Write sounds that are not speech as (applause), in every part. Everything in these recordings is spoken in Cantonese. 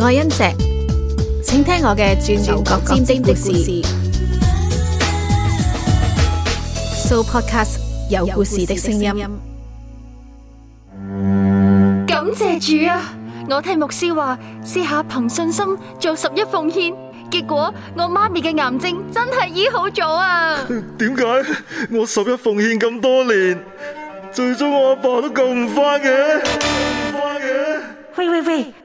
愛恩石，請聽我嘅鑽牛角尖的故事。So podcast 有故事的聲音。感謝主啊！我聽牧師話，試下憑信心做十一奉獻，結果我媽咪嘅癌症真係醫好咗啊！點解？我十一奉獻咁多年，最終我阿爸都救唔翻嘅，救唔翻嘅。喂喂喂！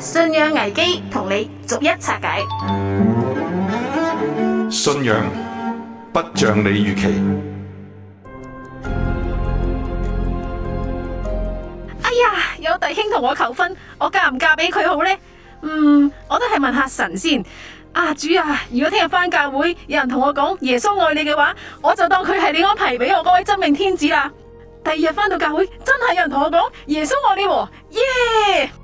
信仰危機同你逐一拆解。信仰不像你預期。哎呀，有弟兄同我求婚，我嫁唔嫁俾佢好呢？嗯，我都係問下神先。阿主啊，如果聽日翻教會有人同我講耶穌愛你嘅話，我就當佢係你安排俾我嗰位真命天子啦。第二日翻到教會，真係有人同我講耶穌愛你喎、哦、耶。Yeah!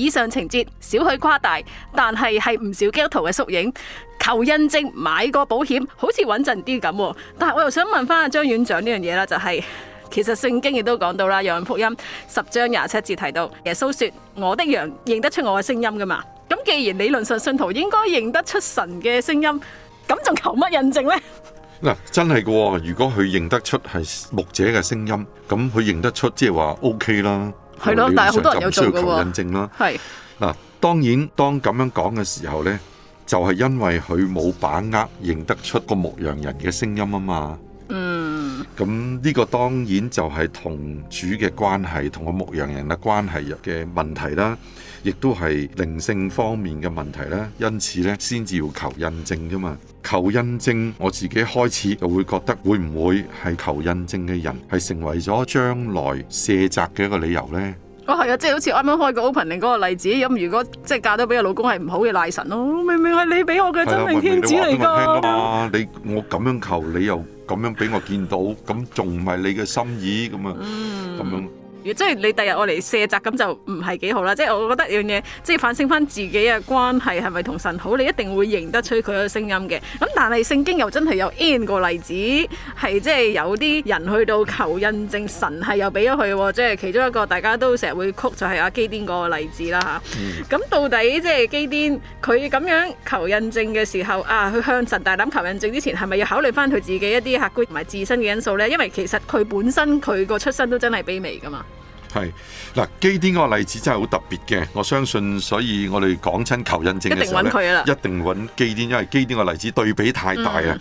以上情節少許誇大，但係係唔少基督徒嘅縮影。求印證，買個保險好似穩陣啲咁。但係我又想問翻阿張院長呢樣嘢啦，就係、是、其實聖經亦都講到啦，《羊福音》十章廿七節提到耶穌說：我的羊認得出我嘅聲音噶嘛？咁既然理論上信徒應該認得出神嘅聲音，咁仲求乜印證呢？嗱，真係噶，如果佢認得出係牧者嘅聲音，咁佢認得出即係話 OK 啦。係咯，但係好多人都需要求印證啦。係嗱，當然當咁樣講嘅時候咧，就係因為佢冇把握認得出個牧羊人嘅聲音啊嘛。嗯，咁呢個當然就係同主嘅關係，同個牧羊人嘅關係入嘅問題啦，亦都係靈性方面嘅問題啦，因此呢，先至要求印證噶嘛，求印證，我自己開始就會覺得，會唔會係求印證嘅人係成為咗將來卸責嘅一個理由呢？哦，係啊，即係好似啱啱開個 opening 嗰個例子，咁如果即係嫁到俾個老公係唔好嘅，賴神咯，明明係你俾我嘅真命天子嚟噶，明明你我咁 (laughs) 樣求，你又咁樣俾我見到，咁仲唔係你嘅心意咁啊？咁樣。嗯即係你第日我嚟卸責，咁就唔係幾好啦，即係我覺得樣嘢即係反省翻自己嘅關係係咪同神好，你一定會認得出佢嘅聲音嘅。咁但係聖經又真係有 N 個例子，係即係有啲人去到求印證，神係又俾咗佢，即係其中一個大家都成日會曲就係、是、阿基甸嗰個例子啦吓。咁、嗯、到底即係基甸佢咁樣求印證嘅時候啊，佢向神大膽求印證之前係咪要考慮翻佢自己一啲客觀同埋自身嘅因素咧？因為其實佢本身佢個出身都真係卑微噶嘛。係嗱，基甸嗰個例子真係好特別嘅。我相信，所以我哋講親求印證嘅時候咧，一定揾佢啦，一定揾基甸，因為基甸個例子對比太大啊。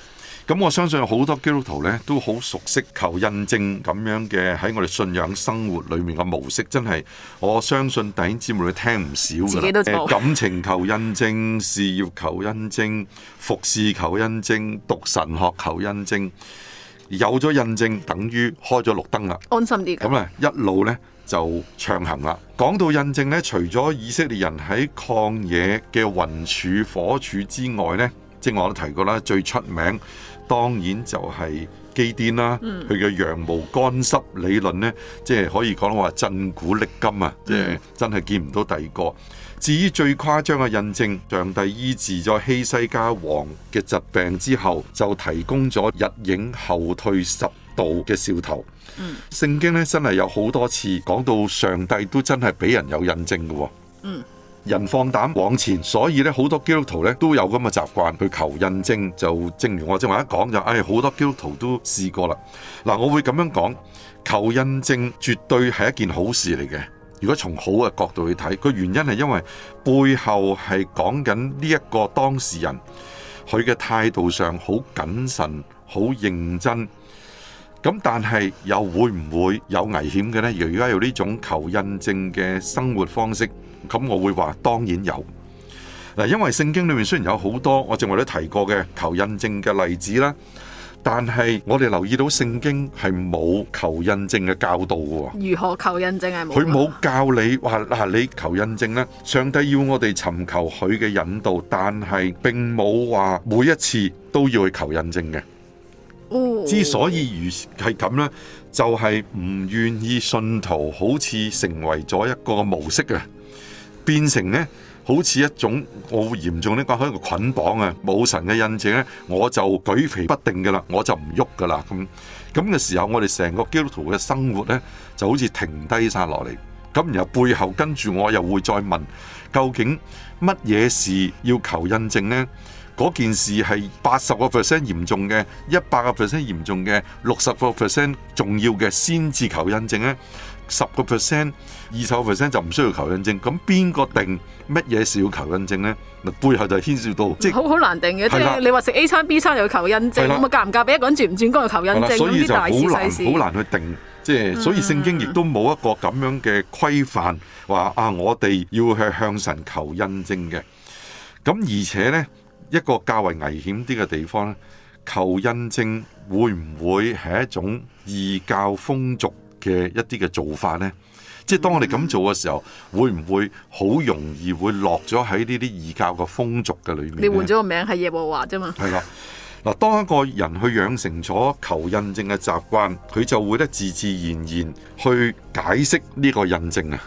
咁、嗯、我相信好多基督徒咧都好熟悉求印證咁樣嘅喺我哋信仰生活裏面嘅模式。真係，我相信弟兄姊妹你聽唔少噶啦。感情求印證，事業求印證，服侍求印證，讀神學求印證。有咗印證，等於開咗綠燈啦，安心啲。咁咧，一路咧。就暢行啦！講到印證咧，除咗以色列人喺曠野嘅雲柱火柱之外呢，正係我都提過啦，最出名當然就係基甸啦。佢嘅羊毛乾濕理論呢，嗯、即係可以講話震古歷今啊，嗯、即係真係見唔到第二個。至於最誇張嘅印證，上帝醫治咗希西家王嘅疾病之後，就提供咗日影後退十道嘅兆頭。嗯聖，聖經咧真係有好多次講到上帝都真係俾人有印證嘅，嗯，人放膽往前，所以咧好多基督徒咧都有咁嘅習慣去求印證。就正如我正話一講就，唉、哎，好多基督徒都試過啦。嗱，我會咁樣講，求印證絕對係一件好事嚟嘅。如果從好嘅角度去睇，個原因係因為背後係講緊呢一個當事人，佢嘅態度上好謹慎、好認真。咁但係又會唔會有危險嘅呢？如果有呢種求印證嘅生活方式，咁我會話當然有。嗱，因為聖經裏面雖然有好多我正話都提過嘅求印證嘅例子啦，但係我哋留意到聖經係冇求印證嘅教導喎。如何求印證係冇？佢冇教你話嗱，你求印證呢？上帝要我哋尋求佢嘅引導，但係並冇話每一次都要去求印證嘅。之所以如係咁呢，就係唔願意信徒好似成為咗一個模式嘅，變成呢，好似一種我嚴重啲講，一個捆綁啊，冇神嘅印證呢，我就舉棋不定噶啦，我就唔喐噶啦，咁咁嘅時候，我哋成個基督徒嘅生活呢，就好似停低晒落嚟。咁然後背後跟住我又會再問，究竟乜嘢事要求印證呢？嗰件事係八十個 percent 嚴重嘅，一百個 percent 嚴重嘅，六十個 percent 重要嘅先至求印證咧，十個 percent、二十個 percent 就唔需要求印證。咁邊個定乜嘢事要求印證咧？嗱，背後就牽涉到即係好好難定嘅。係啦的，即係你話食 A 餐 B 餐又要求印證，咁啊嫁唔嫁？俾一個人轉唔轉工又求印證，咁啲大事細事好難去定。即係的、就是、所以聖經亦都冇一個咁樣嘅規範，話啊我哋要去向神求印證嘅。咁而且咧。一個較為危險啲嘅地方咧，求印證會唔會係一種異教風俗嘅一啲嘅做法呢？即係當我哋咁做嘅時候，會唔會好容易會落咗喺呢啲異教嘅風俗嘅裏面？你換咗個名係耶和華啫嘛？係啦，嗱，當一個人去養成咗求印證嘅習慣，佢就會咧自自然然去解釋呢個印證啊。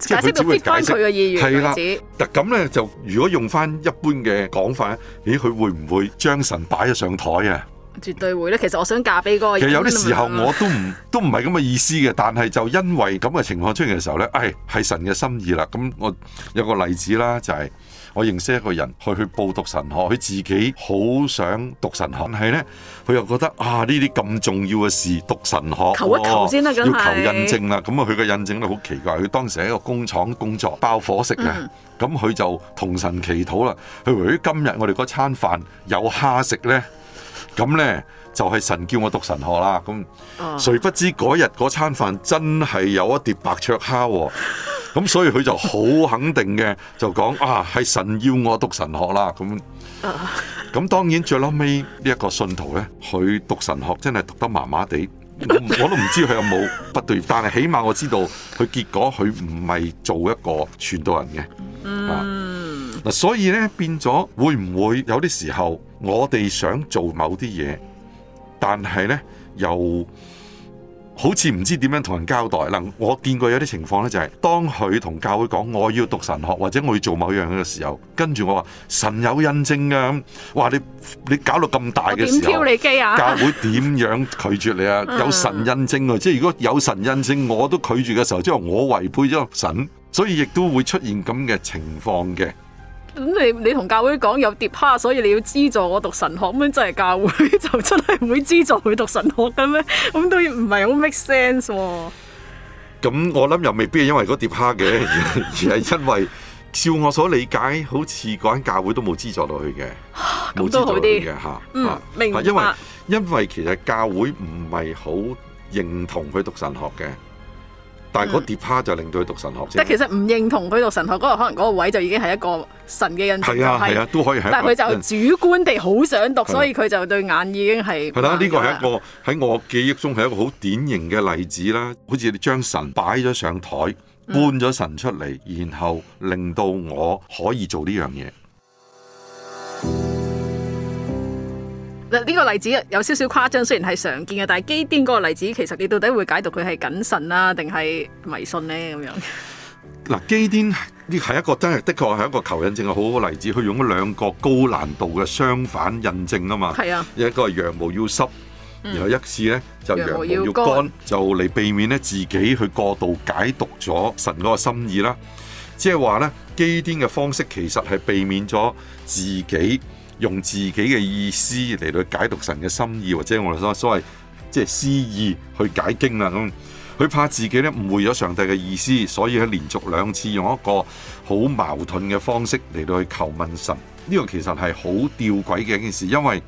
解釋就 fit 翻佢嘅意願嘅意思。嗱咁呢，就，如果用翻一般嘅講法，咦，佢會唔會將神擺咗上台啊？絕對會咧。其實我想嫁俾嗰個人，其實有啲時候我都唔 (laughs) 都唔係咁嘅意思嘅。但係就因為咁嘅情況出現嘅時候咧，唉、哎，係神嘅心意啦。咁我有個例子啦，就係、是、我認識一個人，佢去報讀神學，佢自己好想讀神學，但係咧佢又覺得啊呢啲咁重要嘅事讀神學，求一求先啦、啊，哦、要求印證啦。咁啊，佢個印證咧好奇怪，佢當時喺個工廠工作，包伙食嘅。咁佢、嗯、就同神祈禱啦。佢對於今日我哋嗰餐飯有蝦食咧。咁呢，就係、是、神叫我讀神學啦，咁誰不知嗰日嗰餐飯真係有一碟白灼蝦，哦，咁所以佢就好肯定嘅就講啊，係神要我讀神學啦，咁咁當然最後尾呢一個信徒呢，佢讀神學真係讀得麻麻地，我都唔知佢有冇畢業，但係起碼我知道佢結果佢唔係做一個傳道人嘅。嗯嗱，所以咧變咗會唔會有啲時候我哋想做某啲嘢，但係咧又好似唔知點樣同人交代。嗱，我見過有啲情況咧、就是，就係當佢同教會講我要讀神學或者我要做某樣嘅時候，跟住我話神有印證噶、啊、咁，哇！你你搞到咁大嘅時候，點挑你機啊？ (laughs) 教會點樣拒絕你啊？有神印證啊！即係如果有神印證，我都拒絕嘅時候，即係我違背咗神，所以亦都會出現咁嘅情況嘅。咁你你同教會講有碟蝦，所以你要資助我讀神學，咁樣真係教會就真係會資助佢讀神學嘅咩？咁都唔係好 make sense。咁我諗又未必係因為嗰碟蝦嘅， (laughs) 而係因為照我所理解，好似嗰間教會都冇資助落去嘅，冇資 (laughs) 助啲嘅吓。嗯啊、明白。因為因為其實教會唔係好認同佢讀神學嘅。但係嗰跌就令到佢讀神學先。即係其實唔認同佢讀神學嗰，嗰個，可能嗰個位就已經係一個神嘅印象。係啊，係，即係，啊，都可以係。但係佢就主觀地好想讀，啊、所以佢就對眼已經係。係啦，啊，呢，呢個係一個喺我記憶中係一個好典型嘅例子啦。好似你將神擺咗上台，搬咗神出嚟，然後令到我可以做呢樣嘢。嗯嗱呢個例子有少少誇張，雖然係常見嘅，但係基甸嗰個例子其實你到底會解讀佢係謹慎啊，定係迷信呢？咁樣？嗱，基甸呢係一個真係的確係一個求印證嘅好好例子，佢用咗兩個高難度嘅相反印證啊嘛。係啊，一個係羊毛要濕，然後一次咧、嗯、就羊毛要乾，羊毛要乾就嚟避免咧自己去過度解讀咗神嗰個心意啦。即係話咧，基甸嘅方式其實係避免咗自己。用自己嘅意思嚟到解讀神嘅心意，或者我哋所所謂即係私意去解經啦咁，佢、嗯、怕自己咧誤會咗上帝嘅意思，所以咧連續兩次用一個好矛盾嘅方式嚟到去求問神。呢、這個其實係好吊詭嘅一件事，因為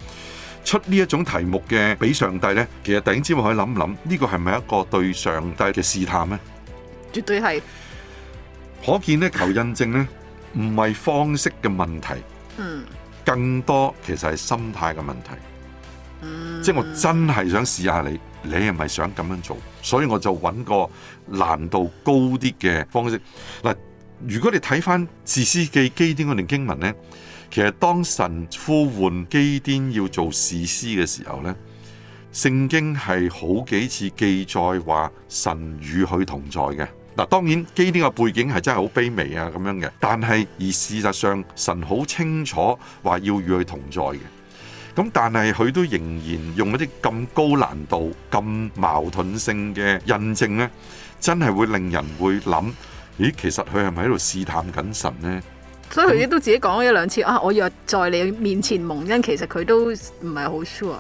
出呢一種題目嘅俾上帝咧，其實頂尖可以諗諗呢個係咪一個對上帝嘅試探咧？絕對係。可見咧求印證咧唔係方式嘅問題。嗯。更多其實係心態嘅問題，即係我真係想試下你，你係咪想咁樣做？所以我就揾個難度高啲嘅方式嗱。如果你睇翻《士師記》基甸嗰段經文呢，其實當神呼喚基甸要做士師嘅時候呢，聖經係好幾次記載話神與佢同在嘅。嗱，當然基甸嘅背景係真係好卑微啊，咁樣嘅。但係而事實上，神好清楚話要與佢同在嘅。咁但係佢都仍然用一啲咁高難度、咁矛盾性嘅印證咧，真係會令人會諗：咦，其實佢係咪喺度試探緊神呢？」所以佢亦都自己講咗一兩次啊！我若在你面前蒙恩，其實佢都唔係好 sure。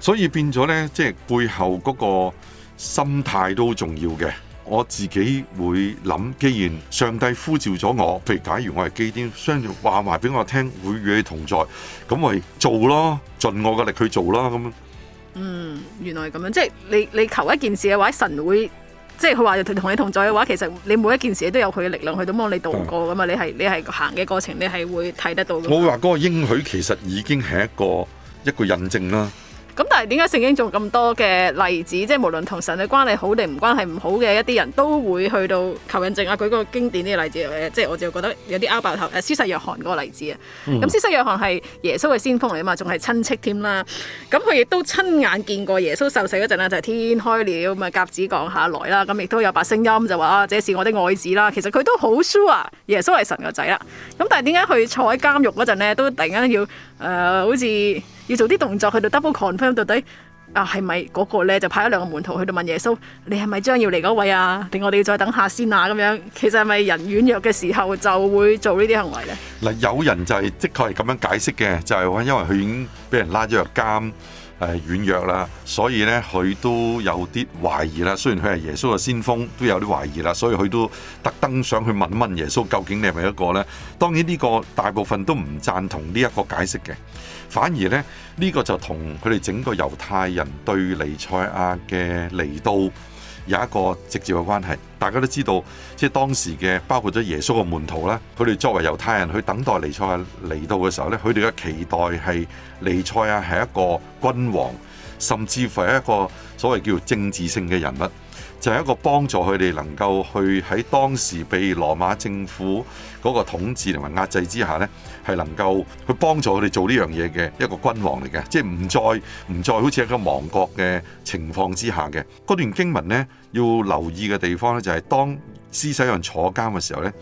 所以變咗咧，即係背後嗰個心態都很重要嘅。我自己會諗，既然上帝呼召咗我，譬如假如我係基天，相對話埋俾我聽，會與你同在，咁我做咯，盡我嘅力去做啦，咁樣。嗯，原來係咁樣，即係你你求一件事嘅話，神會即係佢話同同你同在嘅話，其實你每一件事都有佢嘅力量去到幫你渡過噶嘛，的你係你係行嘅過程，你係會睇得到。我話嗰個應許其實已經係一個一個印證啦。咁但係點解聖經仲咁多嘅例子，即係無論同神嘅關係好定唔關係唔好嘅一啲人都會去到求印證啊？舉個經典啲嘅例子、呃、即係我就覺得有啲拗爆頭誒，施、呃、洗約翰嗰個例子啊。咁施洗約翰係耶穌嘅先鋒嚟嘛，仲係親戚添啦。咁佢亦都親眼見過耶穌受死嗰陣咧，就係、天開了，咁啊鴿子降下來啦。咁亦都有把聲音就話啊，這是我的愛子啦。其實佢都好 sure 耶穌係神個仔啦。咁但係點解佢坐喺監獄嗰陣咧，都突然間要誒、呃、好似，要做啲動作去到 double confirm 到底啊，係咪嗰個咧，就派咗兩個門徒去度問耶穌：你係咪將要嚟嗰位啊？定我哋要再等下先啊？咁樣其實係咪人軟弱嘅時候就會做呢啲行為咧？嗱，有人就係的確係咁樣解釋嘅，就係話因為佢已經俾人拉咗入監誒軟弱啦，所以咧佢都有啲懷疑啦。雖然佢係耶穌嘅先鋒，都有啲懷疑啦，所以佢都特登上去問問耶穌究竟你係咪一個咧？當然呢個大部分都唔贊同呢一個解釋嘅。反而呢，呢個就同佢哋整個猶太人對尼賽亞嘅嚟到有一個直接嘅關係。大家都知道，即係當時嘅包括咗耶穌嘅門徒啦，佢哋作為猶太人去等待尼賽亞嚟到嘅時候咧，佢哋嘅期待係尼賽亞係一個君王，甚至乎係一個所謂叫做政治性嘅人物。就係一個幫助佢哋能夠去喺當時被羅馬政府嗰個統治同埋壓制之下呢，係能夠去幫助佢哋做呢樣嘢嘅一個君王嚟嘅，即係唔再唔再好似一個亡國嘅情況之下嘅。嗰段經文呢，要留意嘅地方呢，就係當施洗約翰坐監嘅時候呢，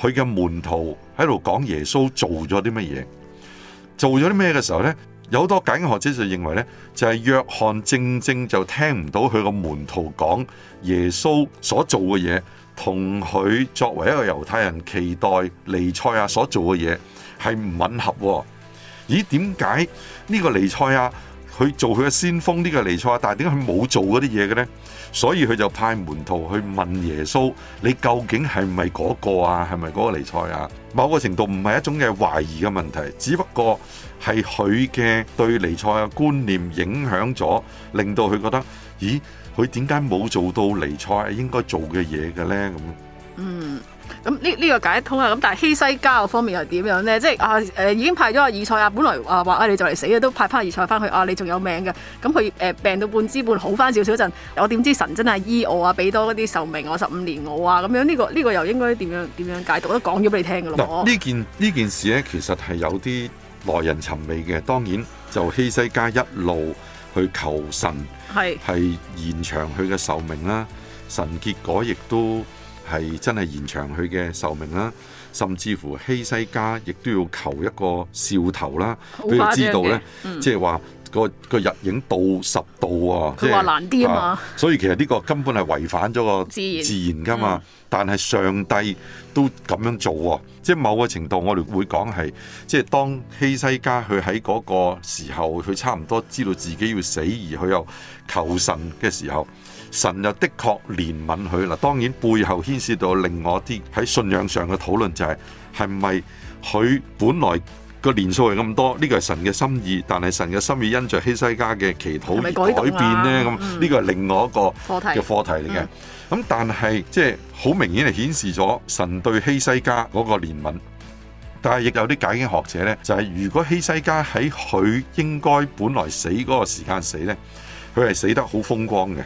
佢嘅門徒喺度講耶穌做咗啲乜嘢，做咗啲咩嘅時候呢，有好多解經學者就認為呢就係約翰正正就聽唔到佢個門徒講耶穌所做嘅嘢，同佢作為一個猶太人期待尼賽亞所做嘅嘢係唔吻合的。咦？點解呢個尼賽亞，佢做佢嘅先鋒呢個尼賽亞？但係點解佢冇做嗰啲嘢嘅呢？所以佢就派門徒去問耶穌：你究竟係唔係嗰個啊？係咪嗰個尼賽亞？某個程度唔係一種嘅懷疑嘅問題，只不過。係佢嘅對尼賽嘅觀念影響咗，令到佢覺得，咦？佢點解冇做到尼賽應該做嘅嘢嘅咧？咁嗯，咁呢呢個解得通啊！咁但係希西家方面又點樣咧？即係啊誒，已經派咗阿以賽啊，本來啊話啊你就嚟死嘅，都派翻以賽翻去啊，你仲有命嘅。咁佢誒病到半支半好翻少少陣，我點知神真係醫我啊？俾多嗰啲壽命我十五年我啊咁樣？呢個呢個又應該點樣點樣解讀都講咗俾你聽嘅咯。呢件呢件事咧，其實係有啲。耐人尋味嘅，當然就希西家一路去求神，係是延長佢嘅壽命啦。神結果亦都係真係延長佢嘅壽命啦。甚至乎希西家亦都要求一個兆頭啦，俾佢知道咧，嗯、即係話。個個日影到十度一啊，佢話難啲啊，嘛。所以其實呢個根本係違反咗個自然噶嘛。自然嗯、但係上帝都咁樣做喎，即係某個程度我哋會講係，即係當希西加佢喺嗰個時候，佢差唔多知道自己要死而佢又求神嘅時候，神又的確憐憫佢喇。當然背後牽涉到另外啲喺信仰上嘅討論就係係咪佢本來個年數係咁多，呢個係神嘅心意，但係神嘅心意因着希西家嘅祈禱而改變咧，咁呢個係另外一個嘅課題嚟嘅。咁但係即係好明顯係顯示咗神對希西家嗰個憐憫，但係亦有啲解經學者咧，就係如果希西家喺佢應該本來死嗰個時間死咧，佢係死得好風光嘅，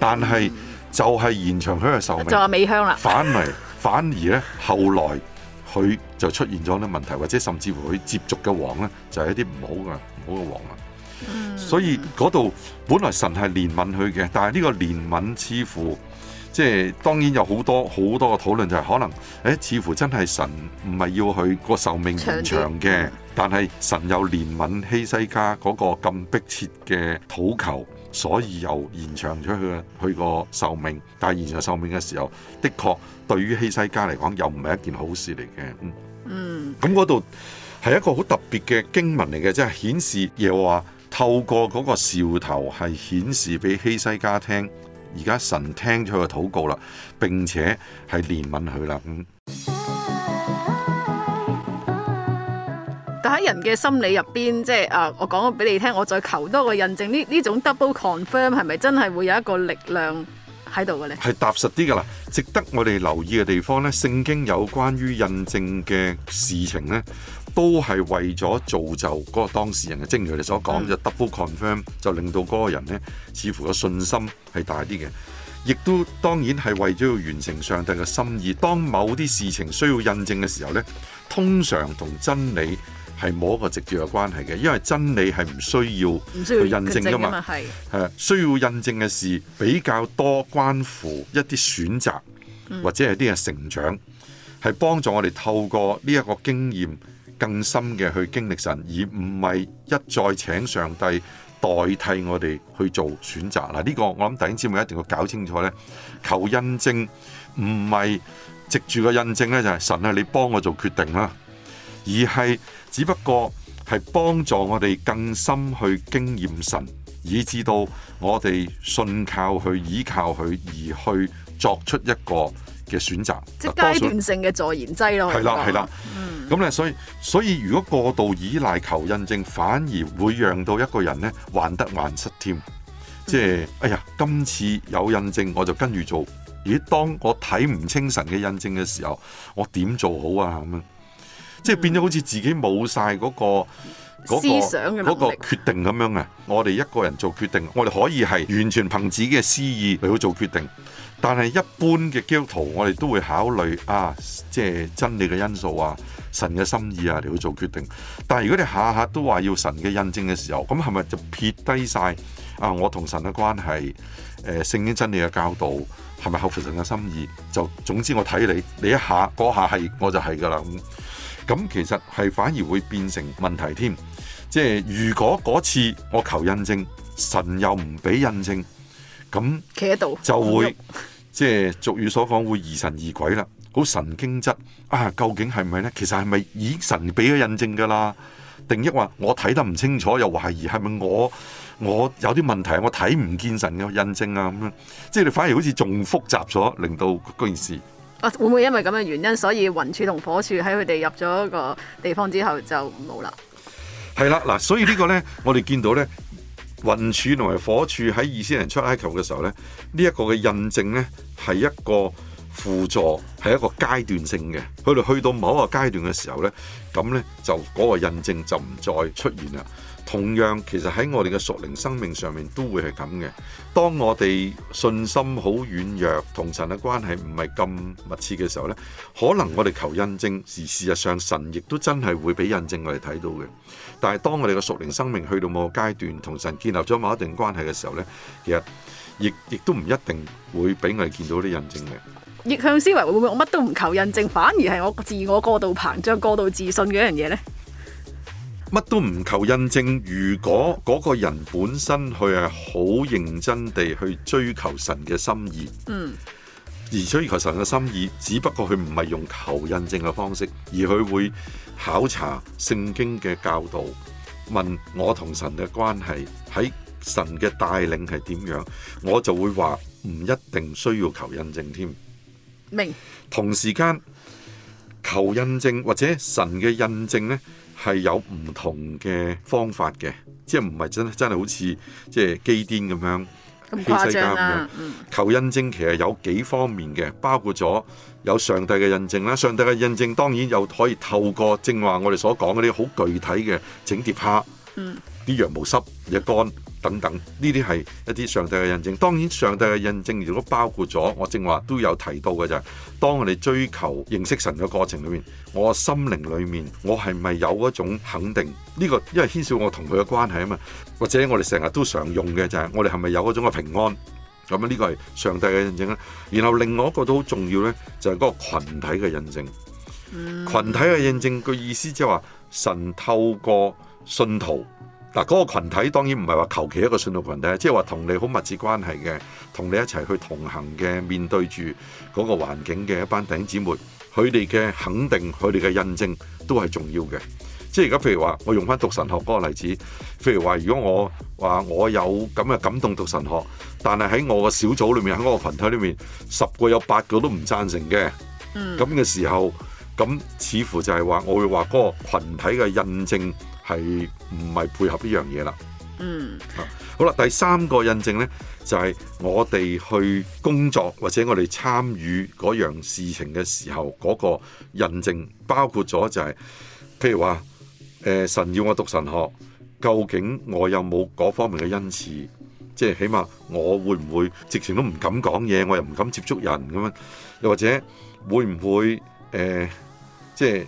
但係就係延長佢嘅壽命，就阿美香啦，反為反而咧後來。佢就出現咗啲問題，或者甚至乎佢接觸嘅王呢，就係、是、一啲唔好嘅唔好嘅王啊！嗯、所以嗰度本來神係憐憫佢嘅，但係呢個憐憫似乎即係當然有好多好多嘅討論、就是，就係可能誒、欸、似乎真係神唔係要佢、那個壽命延長嘅，長嗯、但係神又憐憫希西家嗰個咁迫切嘅討求。所以又延長咗佢嘅佢個壽命，但係延長壽命嘅時候，的確對於希西家嚟講又唔係一件好事嚟嘅。嗯，咁嗰度係一個好特別嘅經文嚟嘅，即係顯示，又話透過嗰個兆頭係顯示俾希西家聽，而家神聽咗佢嘅禱告啦，並且係憐憫佢啦。嗯就喺人嘅心理入邊，即係啊，我講咗俾你聽，我再求多個印證呢？呢種 double confirm 係咪真係會有一個力量喺度嘅咧？係踏實啲嘅啦，值得我哋留意嘅地方咧，聖經有關於印證嘅事情咧，都係為咗造就嗰個當事人嘅，正如你所講嘅是的 double confirm 就令到嗰個人咧，似乎個信心係大啲嘅，亦都當然係為咗要完成上帝嘅心意。當某啲事情需要印證嘅時候咧，通常同真理，係冇一個直接嘅關係嘅，因為真理係唔需要去印證噶嘛，係是需要印證嘅事比較多關乎一啲選擇或者係啲嘅成長，係、嗯、幫助我哋透過呢一個經驗更深嘅去經歷神，而唔係一再請上帝代替我哋去做選擇。嗱、啊、呢、這個我諗弟兄姊妹一定要搞清楚呢，求印證唔係藉住個印證呢就係、是、神啊，你幫我做決定啦。而係，只不過係幫助我哋更深去經驗神，以至到我哋信靠佢，依靠佢而去作出一個嘅選擇。即階段性嘅助燃劑咯。係啦數，係啦。咁咧、嗯，所以所以如果過度依賴求印證，反而會讓到一個人咧患得患失添。即、就、係、是，哎呀，今次有印證我就跟住做。咦，當我睇唔清神嘅印證嘅時候，我點做好啊咁啊？即係、嗯、變咗，好似自己冇晒嗰個嗰、思想嗰個決定咁樣啊！我哋一個人做決定，我哋可以係完全憑自己嘅私意嚟去做決定。但係一般嘅基督徒，我哋都會考慮啊，即係真理嘅因素啊、神嘅心意啊嚟去做決定。但係如果你下下都話要神嘅印證嘅時候，咁係咪就撇低晒啊？我同神嘅關係、誒、啊、聖經真理嘅教導係咪合乎神嘅心意？就總之我，我睇你你一下嗰下係我就係㗎喇咁。咁其實係反而會變成問題添，即係如果嗰次我求印證，神又唔俾印證，咁企喺度就會住即係俗語所講會疑神疑鬼啦，好神經質啊！究竟係咪咧？其實係咪以神俾咗印證噶啦？定抑或我睇得唔清楚又懷疑係咪我我有啲問題，我睇唔見神嘅印證啊咁樣，即係你反而好似仲複雜咗，令到嗰、嗰個、件事。啊！會唔會因為咁嘅原因，所以雲柱同火柱喺佢哋入咗個地方之後就冇啦？係啦，嗱，所以呢個呢， (laughs) 我哋見到呢雲柱同埋火柱喺二千人出埃及嘅時候呢，呢、這、一個嘅印證呢，係一個輔助，係一個階段性嘅。佢哋去到某一個階段嘅時候呢，咁呢，就嗰個印證就唔再出現啦。同樣，其實喺我哋嘅屬靈生命上面都會係咁嘅。當我哋信心好軟弱，同神嘅關係唔係咁密切嘅時候呢，可能我哋求印證，而事實上神亦都真係會俾印證我哋睇到嘅。但係當我哋嘅屬靈生命去到某個階段，同神建立咗某一定關係嘅時候呢，其實亦都唔一定會俾我哋見到啲印證嘅。逆向思維，會唔會我乜都唔求印證，反而係我自我過度膨脹、過度自信嘅一樣嘢呢？乜都唔求印證，如果嗰個人本身佢係好認真地去追求神嘅心意，嗯，而追求神嘅心意，只不過佢唔係用求印證嘅方式，而佢會考察聖經嘅教導，問我同神嘅關係喺神嘅帶領係點樣，我就會話唔一定需要求印證添。明白同時間求印證或者神嘅印證呢，係有唔同嘅方法嘅，即係唔係真的真係好似即係基奠咁樣，啊、欺世間咁樣，嗯、求印證，其實有幾方面嘅，包括咗有上帝嘅印證啦。上帝嘅印證當然又可以透過正話我哋所講嗰啲好具體嘅證據派。嗯啲羊毛濕，亦乾等等，呢啲係一啲上帝嘅印證。當然，上帝嘅印證如果包括咗，我正話都有提到嘅就係當我哋追求認識神嘅過程裏面，我心靈裏面我係咪有一種肯定？呢、呢個因為牽涉我同佢嘅關係啊嘛。或者我哋成日都常用嘅就係我哋係咪有一種嘅平安？咁呢個係上帝嘅印證啦。然後另外一個都好重要呢，就係、係、嗰個羣體嘅印證。群體嘅印證，個意思即係話神透過信徒。嗱，嗰、啊那個羣體當然唔係話求其一個信徒群體，即係話同你好密切關係嘅，同你一齊去同行嘅，面對住嗰個環境嘅一班頂姊妹，佢哋嘅肯定，佢哋嘅印證都係重要嘅。即係而家譬如話，我用翻讀神學嗰個例子，譬如話，如果我話我有咁嘅感動讀神學，但係喺我嘅小組裏面，喺嗰個羣體裏面，十個有八個都唔贊成嘅，咁嘅、嗯、時候，咁似乎就係話我會話嗰個羣體嘅印證，係唔係配合呢樣嘢啦？嗯，好啦，第三個印證呢，就係我哋去工作或者我哋參與嗰樣事情嘅時候，嗰個印證包括咗就係譬如話，誒神要我讀神學，究竟我有冇嗰方面嘅恩賜，即係起碼我會唔會直情都唔敢講嘢，我又唔敢接觸人咁樣，又或者會唔會誒，即係？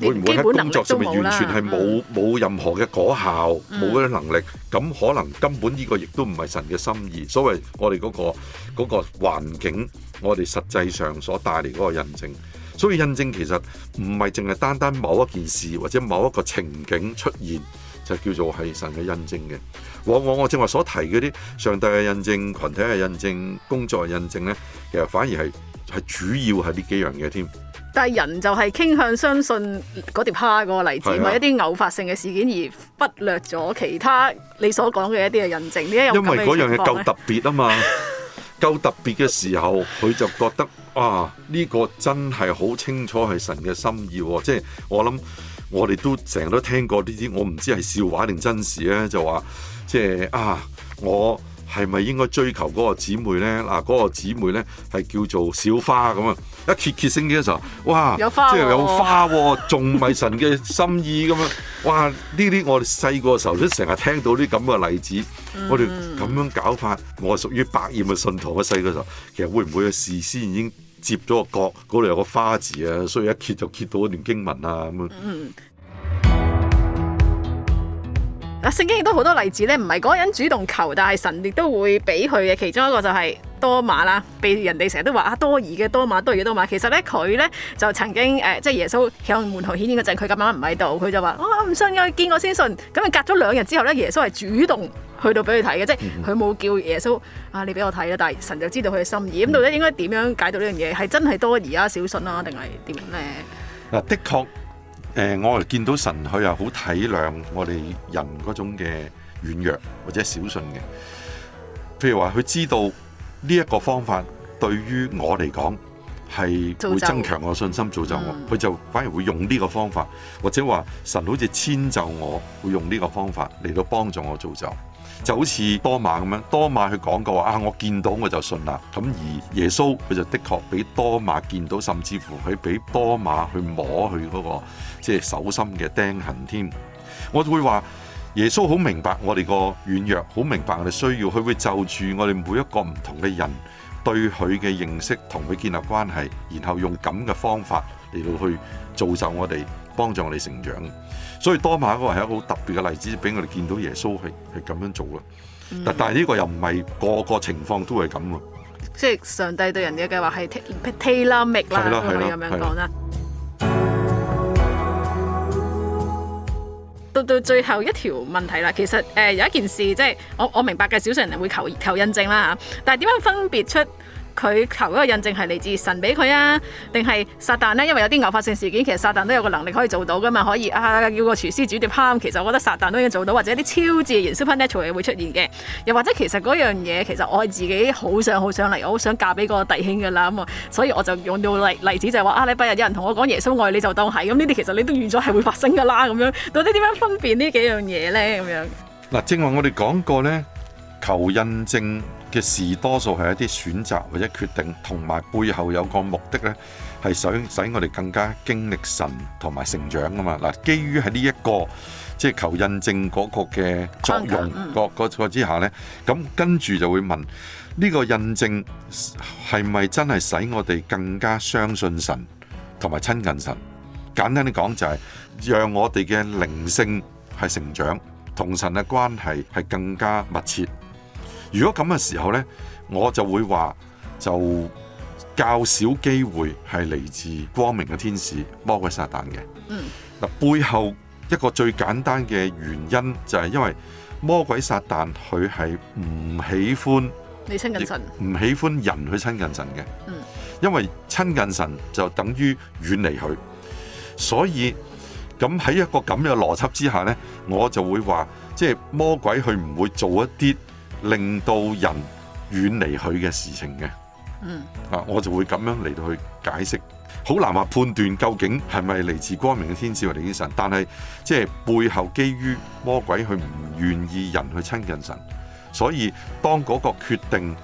會唔會喺工作上面完全係冇冇任何嘅果效，冇嗰啲能力？咁可能根本呢個亦都唔係神嘅心意。所謂我哋嗰個嗰個、嗯、環境，我哋實際上所帶嚟嗰個印證，所以印證其實唔係淨係單單某一件事或者某一個情景出現就叫做係神嘅印證嘅。往往我正話所提嗰啲上帝嘅印證、群體嘅印證、工作嘅印證呢，其實反而係。係主要係呢幾樣嘢添，但係人就係傾向相信嗰碟蝦個例子，唔係的一啲偶發性嘅事件而忽略咗其他你所講嘅一啲嘅印證。呢一樣嘢，因為嗰樣嘢夠特別啊嘛， (laughs) 夠特別嘅時候，佢就覺得啊，呢、這個真係好清楚係神嘅心意喎、哦。即、就、係、是、我諗，我哋都成日都聽過呢啲，我唔知係笑話定真事咧，就話即係啊，我。係咪應該追求嗰個姊妹咧？嗱，嗰個姊妹咧係叫做小花咁啊！一揭揭聖經嘅時候，哇，即係有花、啊，仲係、啊、神嘅心意咁啊！ (laughs) 哇，呢啲我哋細個嘅時候都成日聽到啲咁嘅例子，嗯嗯我哋咁樣搞法，我係屬於百厭嘅信徒。我細個時候其實會唔會事先已經接咗個角嗰度有個花字啊？所以一揭就揭到一段經文啊咁啊！嗱，聖經亦都好多例子咧，唔係嗰個人主動求，但係神亦都會俾佢嘅。其中一個就係多馬啦，被人哋成日都話啊多疑嘅多馬，多疑嘅多馬。其實咧佢咧就曾經誒，即係耶穌向門徒顯現嗰陣，佢咁啱唔喺度，佢就話，哦，我唔信，我要見我先信。咁啊隔咗兩日之後咧，耶穌係主動去到俾佢睇嘅，即係佢冇叫耶穌啊，你俾我睇啦。但係神就知道佢嘅心意。咁、嗯、哼到底應該點樣解讀呢樣嘢？係真係多疑啊，小信啊，定係點咧？的確。誒，我嚟見到神，佢又好體諒我哋人嗰種嘅軟弱或者小信嘅。譬如話，佢知道呢一個方法對於我嚟講係會增強我信心，造就我。佢就反而會用呢個方法，或者話神好似遷就我，會用呢個方法嚟到幫助我造就。就好似多馬咁樣，多馬去講過話，啊，我見到我就信啦。咁而耶穌佢就的確俾多馬見到，甚至乎佢俾多馬去摸佢嗰、那個即係手心嘅釘痕添。我會話耶穌好明白我哋個軟弱，好明白我哋需要，佢會就住我哋每一個唔同嘅人對佢嘅認識同佢建立關係，然後用咁嘅方法嚟到去造就我哋，幫助我哋成長。所以多馬嗰個係一個好特別嘅例子，俾我哋見到耶穌係係咁樣做啦。但但係呢個又唔係個個情況都係咁咯。即係上帝對人哋嘅計劃係 tailor make 咁樣講啦。到到最後一條問題啦，其實誒，有一件事，即係我我明白嘅少數人會求求印證啦嚇。但係點樣分別出？佢求嗰個印證係嚟自神俾佢啊，定係撒旦呢？因為有啲偶發性事件，其實撒旦都有個能力可以做到噶嘛，可以啊，叫個廚師煮碟其實我覺得撒旦都已經做到，或者啲超自然 supernatural 嘢會出現嘅，又或者其實嗰樣嘢其實我係自己好想好想嚟，我好想嫁俾嗰個弟兄噶啦，咁啊，所以我就用到例例子就係話啊，禮拜日有人同我講耶穌愛你，就當係咁呢啲，其實你都預咗係會發生噶啦，咁樣到底點樣分辨呢幾樣嘢呢？咁樣嗱，正話我哋講過呢，求印證。嘅事多數係一啲選擇或者決定，同埋背後有個目的呢，係想使我哋更加經歷神同埋成長啊嘛。嗱，基於喺呢一個即係求印證嗰個嘅作用，嗰個之下呢，咁跟住就會問呢個印證係咪真係使我哋更加相信神同埋親近神？簡單啲講就係讓我哋嘅靈性係成長，同神嘅關係係更加密切。如果咁嘅時候呢，我就會話就較少機會係嚟自光明嘅天使魔鬼撒旦嘅。嗯。嗱，背後一個最簡單嘅原因就係因為魔鬼撒旦佢係唔喜歡你親近神，唔喜歡人去親近神嘅。嗯。因為親近神就等於遠離佢，所以咁喺一個咁樣嘅邏輯之下呢，我就會話即係魔鬼佢唔會做一啲令到人遠離佢嘅事情嘅，啊，我就會咁樣嚟到去解釋，好難話判斷究竟係咪嚟自光明嘅天使或者天神，但係即係背後基於魔鬼佢唔願意人去親近神，所以當嗰個決定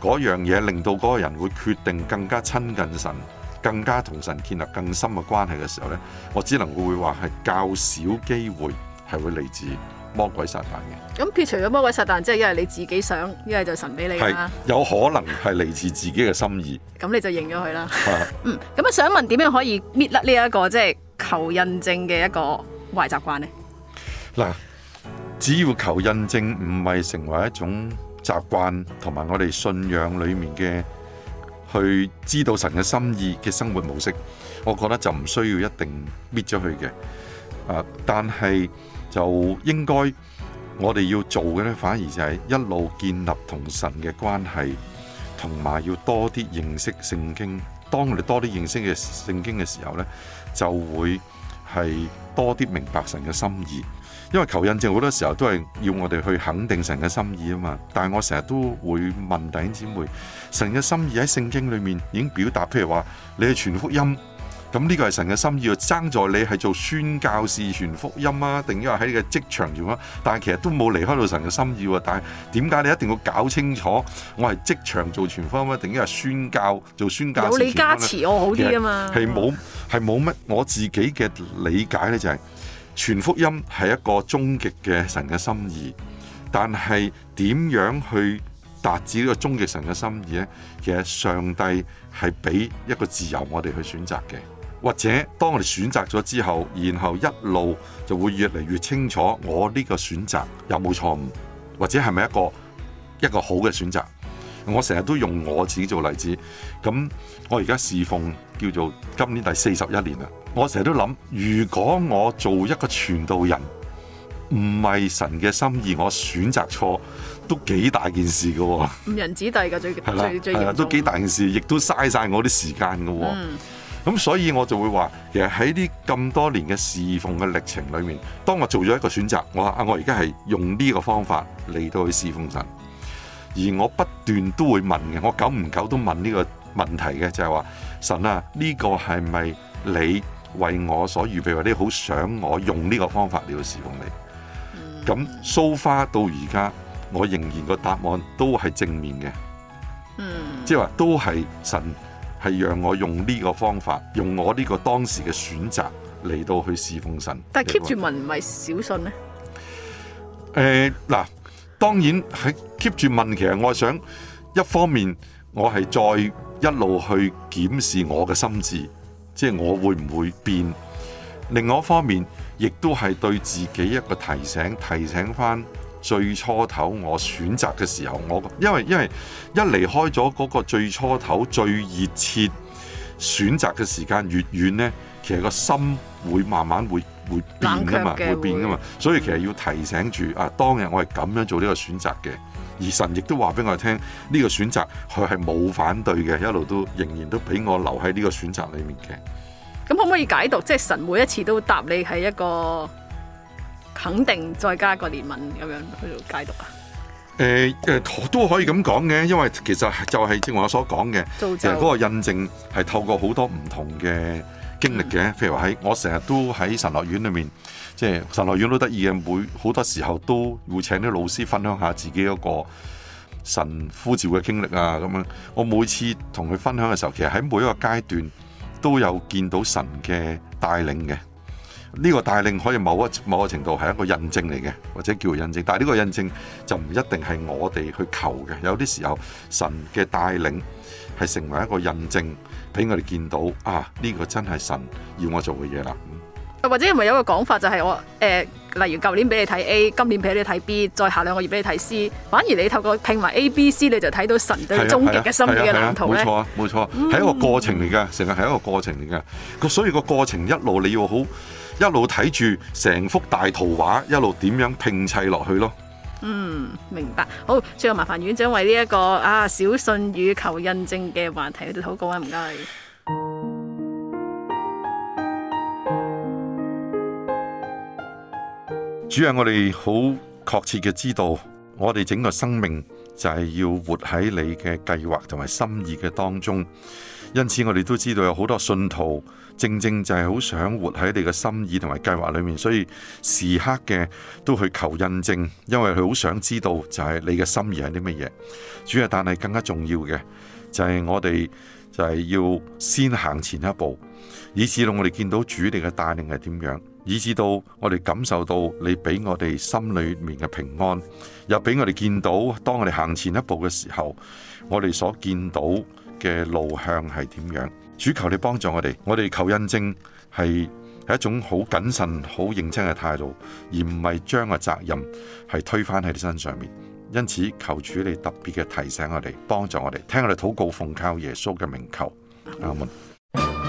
嗰樣嘢令到嗰個人會決定更加親近神，更加同神建立更深嘅關係嘅時候呢，我只能會話係較少機會係會嚟自。魔鬼撒旦嘅，咁撇除咗魔鬼撒旦，即係一係你自己想，一係就神俾你啦。係有可能係嚟自自己嘅心意，咁 (laughs) 你就認咗佢啦。嗯，咁啊，想問點樣可以搣甩呢一個即係，就是，求印證嘅一個壞習慣呢？嗱，只要求印證唔係成為一種習慣同埋我哋信仰裏面嘅去知道神嘅心意嘅生活模式，我覺得就唔需要一定搣咗佢嘅。啊，但係。就應該我哋要做嘅呢，反而就係一路建立同神嘅關係，同埋要多啲認識聖經。當我哋多啲認識嘅聖經嘅時候呢，就會係多啲明白神嘅心意。因為求印證好多時候都係要我哋去肯定神嘅心意啊嘛。但係我成日都會問弟兄姊妹，神嘅心意喺聖經裏面已經表達，譬如話你去傳福音。咁呢個係神嘅心、啊、心意啊，爭在你係做宣教士傳福音啊，定抑或喺個職場咁啊？但係其實都冇離開到神嘅心意。但係點解你一定要搞清楚，我係職場做全福音啊，定抑或宣教做宣教士？有你加持我好啲啊嘛。係冇係冇乜我自己嘅理解呢、就是，就係全福音係一個終極嘅神嘅心意，但係點樣去達至呢個終極神嘅心意呢？其實上帝係俾一個自由我哋去選擇嘅。或者當我哋選擇咗之後，然後一路就會越嚟越清楚，我呢個選擇有冇錯誤，或者係咪一個一個好嘅選擇？我成日都用我自己做例子。咁我而家侍奉叫做今年第四十一年啦。我成日都諗，如果我做一個傳道人，唔係神嘅心意，我選擇錯都幾大件事㗎喎。誤人子弟㗎，最的最的最都幾大件事，亦都嘥晒我啲時間㗎喎。嗯。咁所以我就會話，其實喺呢咁多年嘅侍奉嘅歷程裏面，當我做咗一個選擇，我話啊，我而家係用呢個方法嚟到去侍奉神，而我不斷都會問嘅，我久唔久都問呢個問題嘅，就係話神啊，呢個係咪你為我所預備你，或者好想我用呢個方法嚟到侍奉你？咁 so far 到而家，我仍然個答案都係正面嘅，即係話都係神。係讓我用呢個方法，用我呢個當時嘅選擇嚟到去侍奉神。但係 keep 住問唔係小信呢？誒，嗱，當然喺 keep 住問，其實我想一方面我係再一路去檢視我嘅心智，即係我會唔會變；另外一方面，亦都係對自己一個提醒，提醒翻。最初頭我選擇嘅時候，我因為因為一離開咗嗰個最初頭最熱切選擇嘅時間越遠呢，其實個心會慢慢會會變噶嘛，會變噶嘛。所以其實要提醒住啊，當日我係咁樣做呢個選擇嘅，而神亦都話俾我聽，呢個選擇佢係冇反對嘅，一路都仍然都俾我留喺呢個選擇裡面嘅。咁可唔可以解讀，即係神每一次都答你係一個？肯定再加一個聯盟咁樣去到戒毒啊？誒誒、呃呃，都可以咁講嘅，因為其實就係正如我所講嘅，就其實嗰個印證係透過好多唔同嘅經歷嘅。嗯、譬如話喺我成日都喺神樂院裏面，即係神樂院都得意嘅，每好多時候都會請啲老師分享下自己一個神呼召嘅經歷啊。咁樣，我每次同佢分享嘅時候，其實喺每一個階段都有見到神嘅帶領嘅。呢個帶領可以某一某一個程度係一個印證嚟嘅，或者叫做印證。但係呢個印證就唔一定係我哋去求嘅。有啲時候神嘅帶領係成為一個印證俾我哋見到啊！呢、這個真係神要我做嘅嘢啦。啊，或者係咪有，有一個講法就係、是、我誒、呃？例如舊年俾你睇 A，今年俾你睇 B，再下兩個月俾你睇 C，反而你透過拼埋 A、B、C，你就睇到神對你終極嘅心理嘅藍圖。冇錯啊，冇、啊啊啊啊、錯，係一個過程嚟嘅，成日係一個過程嚟嘅。個所以個過程一路你要好。一路睇住成幅大圖畫，一路點樣拼砌落去咯。嗯，明白。好，最後麻煩院長為呢一個啊小信與求印證嘅話題，去禱告啊，唔該。主啊，我哋好確切嘅知道，我哋整個生命就係要活喺你嘅計劃同埋心意嘅當中。因此，我哋都知道有好多信徒。正正就係好想活喺你嘅心意同埋計劃裏面，所以時刻嘅都去求印證，因為佢好想知道就係你嘅心意係啲乜嘢。主要，但係更加重要嘅就係、是、我哋就係要先行前一步，以至到我哋見到主你嘅帶領係點樣，以至到我哋感受到你俾我哋心裏面嘅平安，又俾我哋見到當我哋行前一步嘅時候，我哋所見到嘅路向係點樣。主求你幫助我哋，我哋求印證係係一種好謹慎、好認真嘅態度，而唔係將個責任係推返喺你身上面。因此，求主你特別嘅提醒我哋，幫助我哋聽我哋禱告，奉靠耶穌嘅名求，阿門。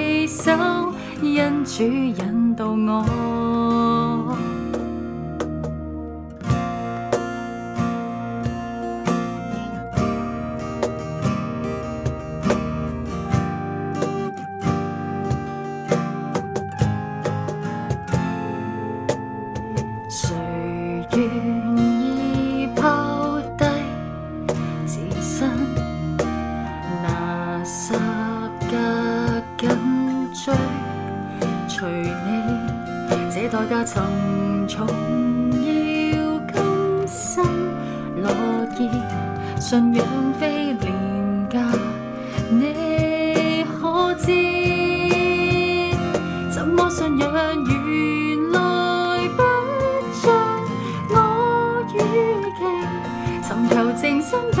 因主引導我。信仰非廉價，你可知？怎麼信仰原來不像我預期？尋求靜心。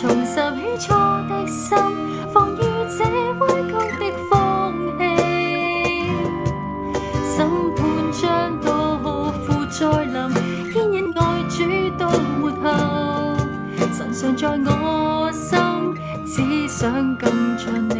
重拾起初的心，防禦的放於這彎曲的風氣。審判將到，父再臨，牽引愛主到末後。神常在我心，只想更像你。